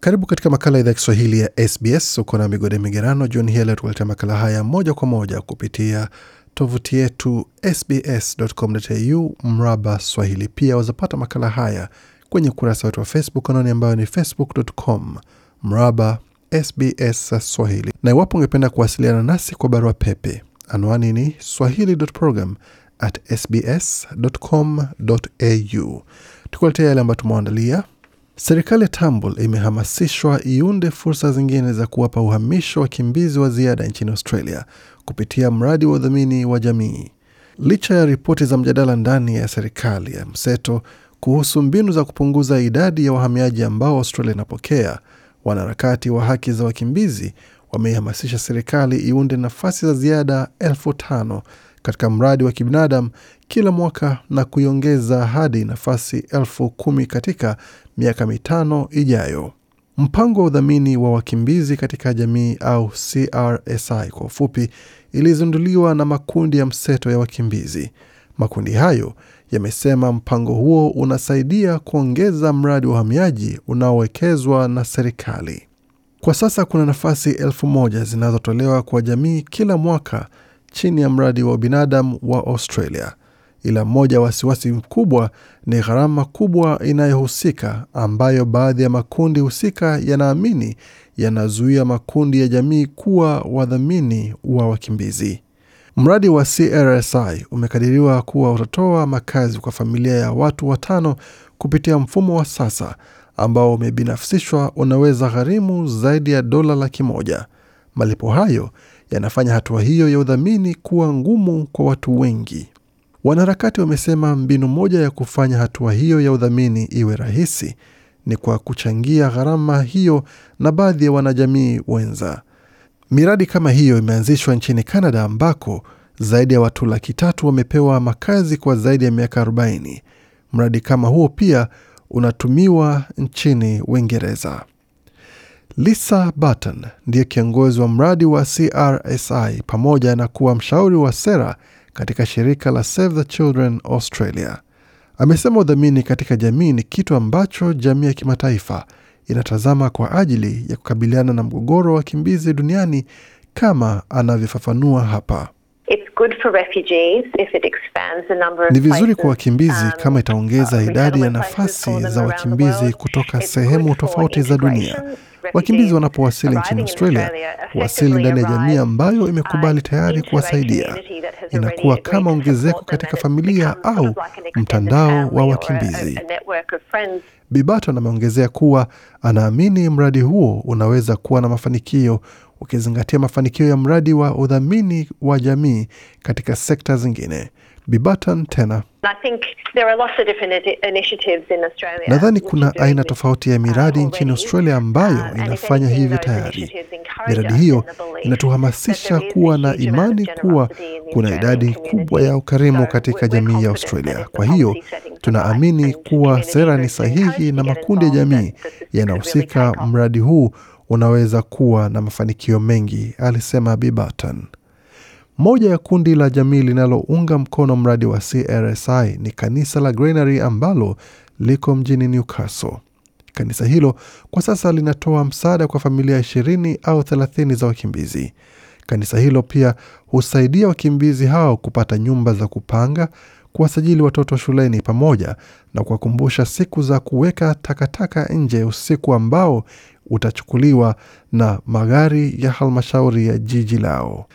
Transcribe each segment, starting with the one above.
Karibu katika makala idhaa ya Kiswahili ya SBS. Uko na Migode Migerano John hii leo, tukuletea makala haya moja kwa moja kupitia tovuti yetu sbs.com.au mraba swahili. Pia wazapata makala haya kwenye ukurasa wetu wa Facebook anaoni ambayo ni facebook.com mraba SBS Swahili. Na iwapo ungependa kuwasiliana nasi kwa barua pepe, anwani ni swahili.program@sbs.com.au. Tukuletea yale ambayo tumeandalia Serikali ya Tambul imehamasishwa iunde fursa zingine za kuwapa uhamisho wakimbizi wa ziada nchini Australia kupitia mradi wa udhamini wa jamii. Licha ya ripoti za mjadala ndani ya serikali ya mseto kuhusu mbinu za kupunguza idadi ya wahamiaji ambao Australia inapokea, wanaharakati wa haki za wakimbizi wameihamasisha serikali iunde nafasi za ziada elfu tano katika mradi wa kibinadamu kila mwaka na kuiongeza hadi nafasi elfu kumi katika miaka mitano ijayo. Mpango wa udhamini wa wakimbizi katika jamii au CRSI kwa ufupi, ilizinduliwa na makundi ya mseto ya wakimbizi. Makundi hayo yamesema mpango huo unasaidia kuongeza mradi wa uhamiaji unaowekezwa na serikali. Kwa sasa kuna nafasi elfu moja zinazotolewa kwa jamii kila mwaka chini ya mradi wa binadamu wa Australia, ila mmoja wasiwasi mkubwa ni gharama kubwa inayohusika ambayo baadhi ya makundi husika yanaamini yanazuia makundi ya jamii kuwa wadhamini wa wakimbizi. Mradi wa CRSI umekadiriwa kuwa utatoa makazi kwa familia ya watu watano kupitia mfumo wa sasa ambao umebinafsishwa unaweza gharimu zaidi ya dola laki moja. Malipo hayo yanafanya hatua hiyo ya udhamini kuwa ngumu kwa watu wengi. Wanaharakati wamesema mbinu moja ya kufanya hatua hiyo ya udhamini iwe rahisi ni kwa kuchangia gharama hiyo na baadhi ya wanajamii wenza. Miradi kama hiyo imeanzishwa nchini Canada ambako zaidi ya watu laki tatu wamepewa makazi kwa zaidi ya miaka 40. Mradi kama huo pia unatumiwa nchini Uingereza. Lisa Button ndiye kiongozi wa mradi wa CRSI pamoja na kuwa mshauri wa sera katika shirika la Save the Children Australia. Amesema udhamini katika jamii ni kitu ambacho jamii ya kimataifa inatazama kwa ajili ya kukabiliana na mgogoro wa wakimbizi duniani kama anavyofafanua hapa. Ni vizuri kwa wakimbizi um, kama itaongeza uh, idadi ya nafasi za wakimbizi kutoka sehemu tofauti za dunia Wakimbizi wanapowasili nchini Australia wasili ndani ya jamii ambayo imekubali tayari kuwasaidia. Inakuwa kama ongezeko katika familia au mtandao wa wakimbizi. Bibaton ameongezea kuwa anaamini mradi huo unaweza kuwa na mafanikio ukizingatia mafanikio ya mradi wa udhamini wa jamii katika sekta zingine. Bi tena Nadhani kuna aina tofauti ya uh, miradi nchini Australia ambayo um, inafanya hivyo tayari. Miradi hiyo inatuhamasisha kuwa na imani kuwa kuna idadi kubwa ya ukarimu katika jamii ya Australia. Kwa hiyo tunaamini kuwa sera ni sahihi na makundi ya jamii yanahusika. Mradi huu unaweza kuwa na mafanikio mengi, alisema Bi moja ya kundi la jamii linalounga mkono mradi wa CRSI ni kanisa la Granary ambalo liko mjini Newcastle. Kanisa hilo kwa sasa linatoa msaada kwa familia ishirini au thelathini za wakimbizi. Kanisa hilo pia husaidia wakimbizi hao kupata nyumba za kupanga, kuwasajili watoto shuleni, pamoja na kuwakumbusha siku za kuweka takataka nje usiku ambao utachukuliwa na magari ya halmashauri ya jiji lao.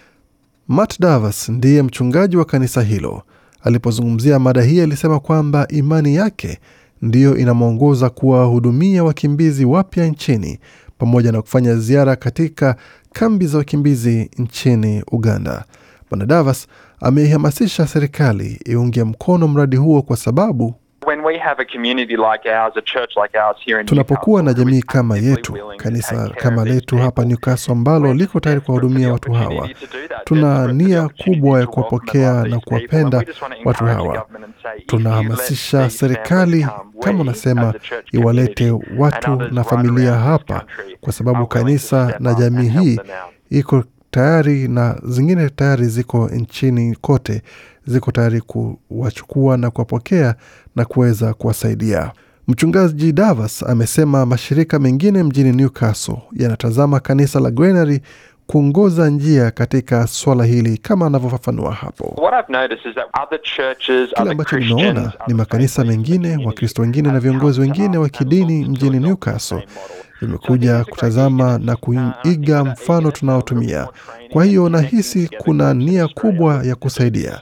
Matt Davis ndiye mchungaji wa kanisa hilo. Alipozungumzia mada hii, alisema kwamba imani yake ndiyo inamwongoza kuwahudumia wakimbizi wapya nchini pamoja na kufanya ziara katika kambi za wakimbizi nchini Uganda. Bwana Davas ameihamasisha serikali iunge mkono mradi huo kwa sababu Tunapokuwa na jamii kama yetu, kanisa kama letu hapa Newcastle ambalo liko tayari kuwahudumia watu hawa, tuna nia kubwa ya kuwapokea na kuwapenda watu hawa. Tunahamasisha serikali, kama unasema, iwalete watu na familia hapa, kwa sababu kanisa na jamii hii iko tayari na zingine tayari ziko nchini kote, ziko tayari kuwachukua na kuwapokea na kuweza kuwasaidia. Mchungaji Davas amesema mashirika mengine mjini Newcastle yanatazama kanisa la Granary kuongoza njia katika swala hili kama anavyofafanua hapo. Kile ambacho nimeona ni makanisa mengine, Wakristo wengine na viongozi wengine wa kidini mjini Newcastle limekuja kutazama na kuiga mfano tunaotumia. Kwa hiyo nahisi kuna nia kubwa ya kusaidia.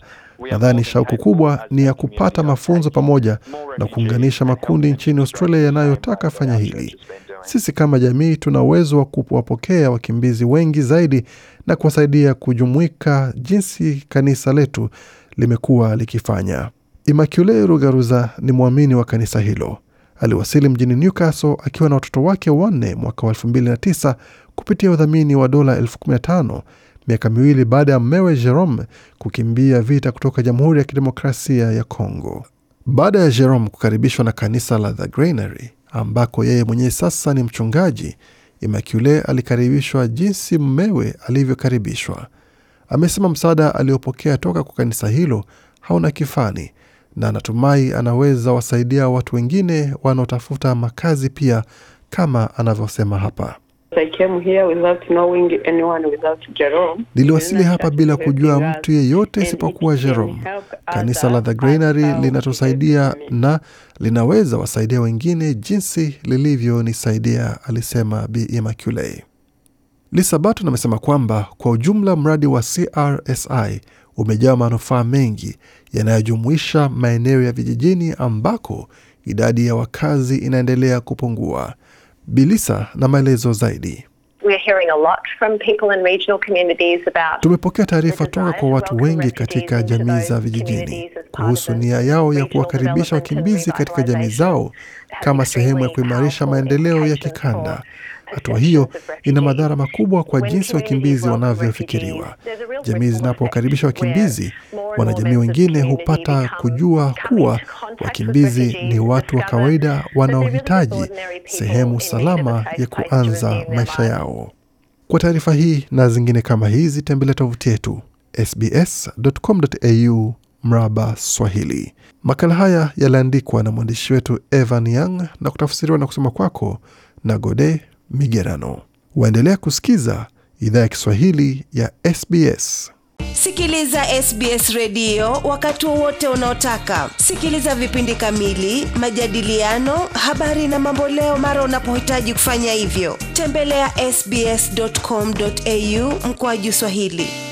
Nadhani shauku kubwa ni ya kupata mafunzo pamoja na kuunganisha makundi nchini Australia yanayotaka fanya hili. Sisi kama jamii tuna uwezo wa kuwapokea wakimbizi wengi zaidi na kuwasaidia kujumuika jinsi kanisa letu limekuwa likifanya. imakule Rugaruza ni mwamini wa kanisa hilo aliwasili mjini Newcastle akiwa na watoto wake wanne mwaka wa 2009 kupitia udhamini wa dola 15 miaka miwili baada ya mmewe Jerome kukimbia vita kutoka Jamhuri ya Kidemokrasia ya Kongo. Baada ya Jerome kukaribishwa na kanisa la The Granary ambako yeye mwenyewe sasa ni mchungaji, imakule alikaribishwa jinsi mmewe alivyokaribishwa. Amesema msaada aliopokea toka kwa kanisa hilo hauna kifani na anatumai anaweza wasaidia watu wengine wanaotafuta makazi pia, kama anavyosema hapa. Niliwasili hapa bila kujua mtu yeyote isipokuwa Jerome. Kanisa la The Granary linatusaidia na linaweza wasaidia wengine jinsi lilivyonisaidia, alisema Bi Immaculate. Lisa Barton amesema kwamba kwa ujumla mradi wa CRSI umejaa manufaa mengi yanayojumuisha maeneo ya vijijini ambako idadi ya wakazi inaendelea kupungua. Bilisa na maelezo zaidi. Tumepokea taarifa toka kwa watu wengi katika jamii za vijijini kuhusu nia yao ya kuwakaribisha wakimbizi katika jamii zao kama sehemu ya kuimarisha maendeleo ya kikanda Hatua hiyo ina madhara makubwa kwa jinsi wakimbizi wanavyofikiriwa. Jamii zinapowakaribisha wakimbizi, wanajamii wengine hupata kujua kuwa wakimbizi ni watu wa kawaida wanaohitaji sehemu salama ya kuanza maisha yao. Kwa taarifa hii na zingine kama hizi, tembelea tovuti yetu sbs.com.au mraba Swahili. Makala haya yaliandikwa na mwandishi wetu Evan Young na kutafsiriwa na kusoma kwako na Gode migerano. Waendelea kusikiza idhaa ya Kiswahili ya SBS. Sikiliza SBS redio wakati wowote unaotaka. Sikiliza vipindi kamili, majadiliano, habari na mambo leo mara unapohitaji kufanya hivyo. Tembelea ya sbs.com.au mkoaju Swahili.